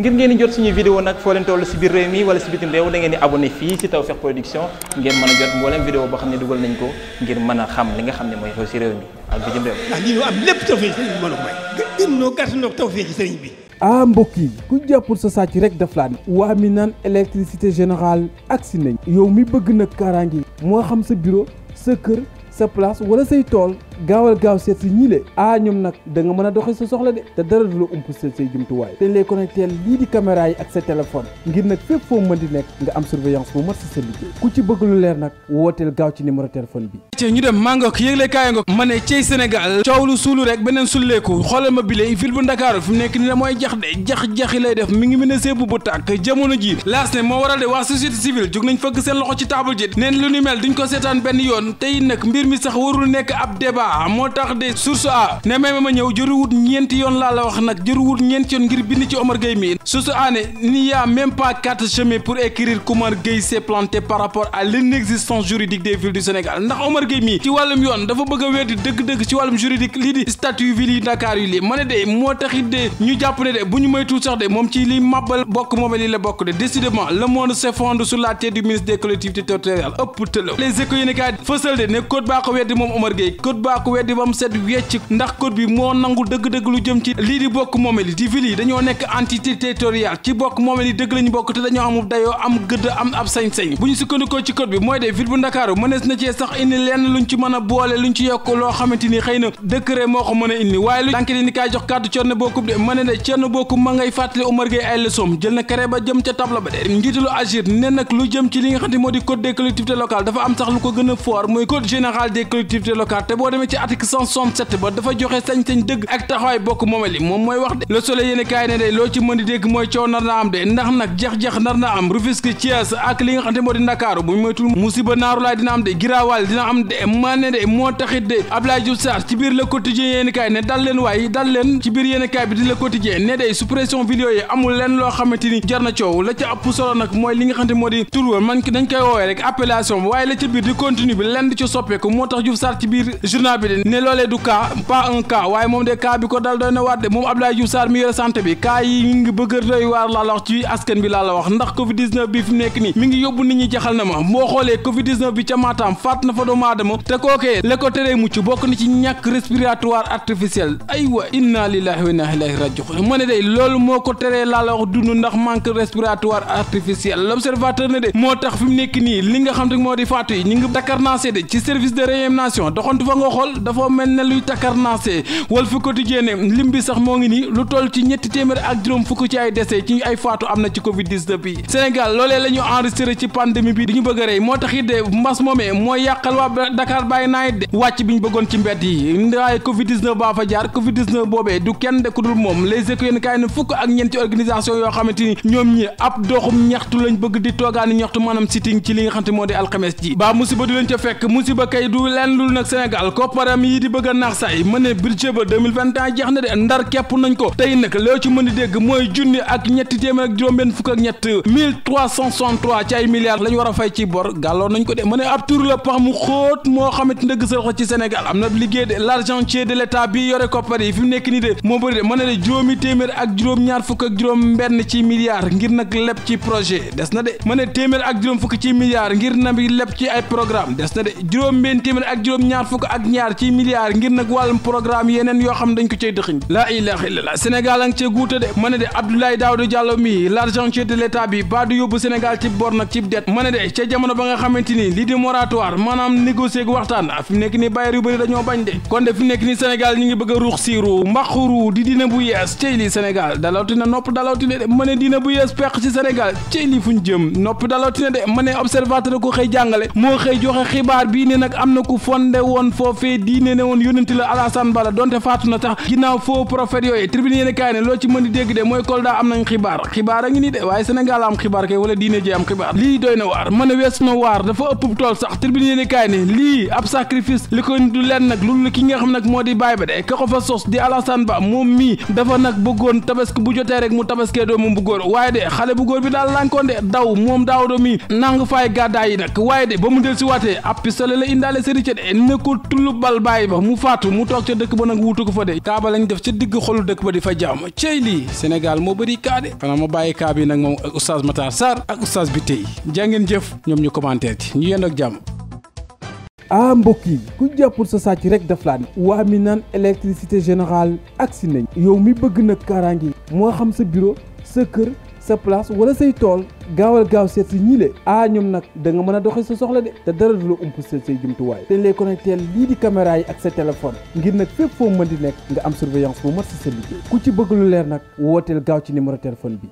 ngir ngeen di jot suñu vidéo nag foo leen toll si biir réew mi wala si bitim réew da ngeen di abonné fii si Tawfekh Production ngeen mën a jot mboolem vidéo boo xam ne dugal nañ ko ngir mën a xam li nga xam ne mooy xew si réew mi ak bitim réew. ndax am lépp tawfeex sëriñ bi sëriñ bi. ah mbokk yi ku jàppul sa sàcc rek daf laa ne. waa mi naan général générale agsi nañ. yow mi bëgg nag kaaraange moo xam sa bureau sa kër sa place wala say tool gaawal gaaw seet si ñii le ah ñoom nag da mën a doxee sa soxla de te dara du la ump sa say jumtuwaay te ñu lay connecté lii di caméra yi ak sa téléphone ngir nag fépp foo mën di nekk nga am surveillance bu mat si sa liggéey ku ci bëgg lu leer nag wooteel gaaw ci numéro téléphone bi ci ñu dem maa ngook yëgle kaay ngook ma ne cey Sénégal coow lu suulu rek beneen sulleeku xoolal ma bile ville bu Ndakaaru fi nekk ni da mooy jax de jax-jaxi lay def mi ngi mën a sépp bu tàkk jamono ji laas ne moo waral de waa société civile jóg sax warul nekk ab débat a moo tax de source a ne may ma ñëw jëruwut ñeenti yoon laa la wax nag jëruwut ñeenti yoon ngir bind ci Omar Gueye mi source a ne il n'y a même pas quatre chemins pour écrire qu'Omar Gueye s'est planté par rapport à l'inexistence juridique des villes du Sénégal ndax Omar Gueye mii ci wàllum yoon dafa bëgg a weddi dëgg-dëgg ci wàllum juridique lii di statut ville yi Dakar yi lii ma ne de moo taxit de ñu jàpp ne de bu ñu moytuwul sax de moom ci li màbbal bokk moom lii Touba ko weddi ba mu set wecc ndax code bi moo nangu dëgg-dëgg lu jëm ci lii di bokk moomeel yi di ville yi dañoo nekk entité territoriale ci bokk moomeel yi dëgg lañu bokk te dañoo amub dayoo am gëdd am ab sañ-sañ bu ñu sukkandikoo ci code bi mooy de ville bu Ndakaaru mënees na cee sax indi lenn luñ ci mën a boole luñ ci yokk loo xamante xëy na décret moo ko mën indi waaye lu dànk ni kaay jox kàddu Cerno Bokum de ma ne de Cerno Bokum ma ngay fàttali demee ci article 167 ba dafa joxe sañ-sañ dëgg ak taxawaay bokk moomel yi moom mooy wax de le soleil yéen kaay ne de loo ci mën di dégg mooy coow nar naa am de ndax nag jax-jax nar naa am Rufisque Thiès ak li nga xam ne moo di Ndakaaru bu ñu moytul musiba naaru laay dina am de giraawaal dina am de maa ne de moo taxit de Abdoulaye Diouf Sarr ci biir le quotidien yéen kaay ne dal leen waaye dal leen ci biir yéen kaay bi di le quotidien ne de suppression vidéo yi amul leen loo xamante ni jar na coow la ca ëpp solo nag mooy li nga xam ne moo di tur man dañ koy woowee rek appellation waaye la ca biir di continue bi lenn di ci soppeeku moo tax Diouf Sarr ci biir journal journal bi de ne loolee du cas pas un cas waaye moom de cas bi ko dal doy na waat de moom Abdoulaye Diouf Sarr mi yore santé bi cas yi mi ngi bëgg a doy waar laa la wax ci askan bi laa la wax ndax Covid bi fi mu nekk nii mi ngi yóbbu nit ñi jaxal na ma boo xoolee Covid bi ca Matam faat na fa doomu aadama te kookee la ko mucc bokk na ci ñàkk respiratoire artificiel aywa inna lillahi wa inna ilayhi rajiun ma ne de loolu moo ko teree laa la wax dund ndax manque respiratoire artificiel l'observateur ne de moo tax fi mu nekk nii li nga xam moo di faatu yi ñu ngi xool dafa mel ne luy takkar naase wal fu quotidien lim bi sax moo ngi nii lu toll ci ñetti téeméer ak juróom fukk ci ay décès ci ay faatu am na ci covid 19 bi Sénégal loolee la ñu enregistré ci pandémie bi dañu bëgg a rey moo tax it de mbas moomee mooy yàqal waa Dakar bàyyi naa it de wàcc bi ñu bëggoon ci mbedd yi waaye covid baa fa jaar covid boobee du kenn de ku dul moom les éco yéen kaay ne fukk ak ñeent ci yoo xamante ni ñoom ñi ab doxum ñaxtu lañ bëgg di toogaani ñaxtu maanaam sitting ci li nga xamante moo di alxames ji baa musiba du leen ca kopparam yi di bëgg a naax say ma ne budget ba 2021 jeex na de ndar kepp nañ ko tey nag loo ci mën a dégg mooy junni ak ñetti téeméer ak juróom-benn fukk ak ñett ci ay milliards la ñu fay ci bor gàlloo nañ ko de ma ab tur pax mu xóot moo xamit ndëgg sa loxo ci Sénégal am na liggéey de l'argentier de l'État bi yore koppar yi fi nekk nii de moo bëri de ma de juróomi téeméer ak juróom-ñaar fukk ak juróom benn ci milliards ngir nag leb ci projet des na de ma ne téeméer ak juróom fukk ci milliards ngir na bi leb ci ay programme des na ñaar ci milliards ngir nag wàllum programme yeneen yoo xam dañ a guute de ma ne de Abdoulaye Daouda Diallo mii l'argentier de l'état bi ba du yóbbu Sénégal ci bor nag ci dette ma ne de ca jamono ba nga xamante lii di moratoire maanaam négocier gu ah, fi nekk ni bailleur yu dañoo bañ de kon de fi nekk ni Sénégal ñu ngi bëgg a ruux siiru mbaxuru di dina bu yees cey li Sénégal dalawti na nopp dalawti na de ma dina bu yees peq ci Sénégal cey fu ñu jëm nopp dalawti na ne observateur ko xëy woowee diine ne woon yónent la Alassane Bala donte faatu na sax ginnaaw faux prophète yooyu tribune yéen kaay ne loo ci mën di dégg de mooy Kolda am nañ xibaar xibaar a ngi nii de waaye Sénégal am xibaar kay wala diine ji am xibaar lii doy na waar mën a wees na waar dafa ëpp tool sax tribune yéen kaay ne lii ab sacrifice li ko du leen nag loolu ki nga xam nag moo di baay ba de ka sos di Alassane moom mii dafa nag bëggoon tabaski bal bàyyi ba mu faatu mu toog ca dëkk ba nag wuutu ko fa de kaaba def ca digg xolu dëkk ba di fa jàmm cey lii moo bëri kaa de xanaa ma bàyyi kaa bi nag moom ak oustaz Matar Sarr ak oustaz bi tey jàngeen jëf ñoom ñu commentaire ci ñu yend ak jàmm ah mbokk yi ku jàppul sa sàcc rek daf laa ne waa mi naan électricité générale si nañ yow mi bëgg nag kaaraange moo xam sa bureau sa kër sa place wala say tool gaawal gaaw seet si ñi le nag da nga mën a doxee sa soxla de te dara du la ump seet say jumtuwaay dañ lay connecté lii di caméra yi ak sa téléphone ngir nag fépp foo mën di nekk nga am surveillance bu mat si sa liggéey ku ci bëgg lu leer nag wooteel gaaw ci numéro téléphone bi.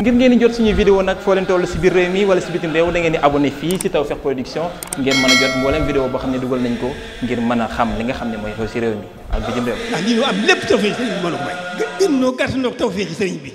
ngir ngeen di jot suñu vidéo nag foo leen toll si biir réew mi wala si bitim réew da ngeen di abonné fii si Tawfekh Production ngeen mën a jot boo xam ne dugal nañ ko ngir mën a xam li nga xam ne mooy xew si réew mi gën noo gàtt noo tawfeex ci sëriñ bi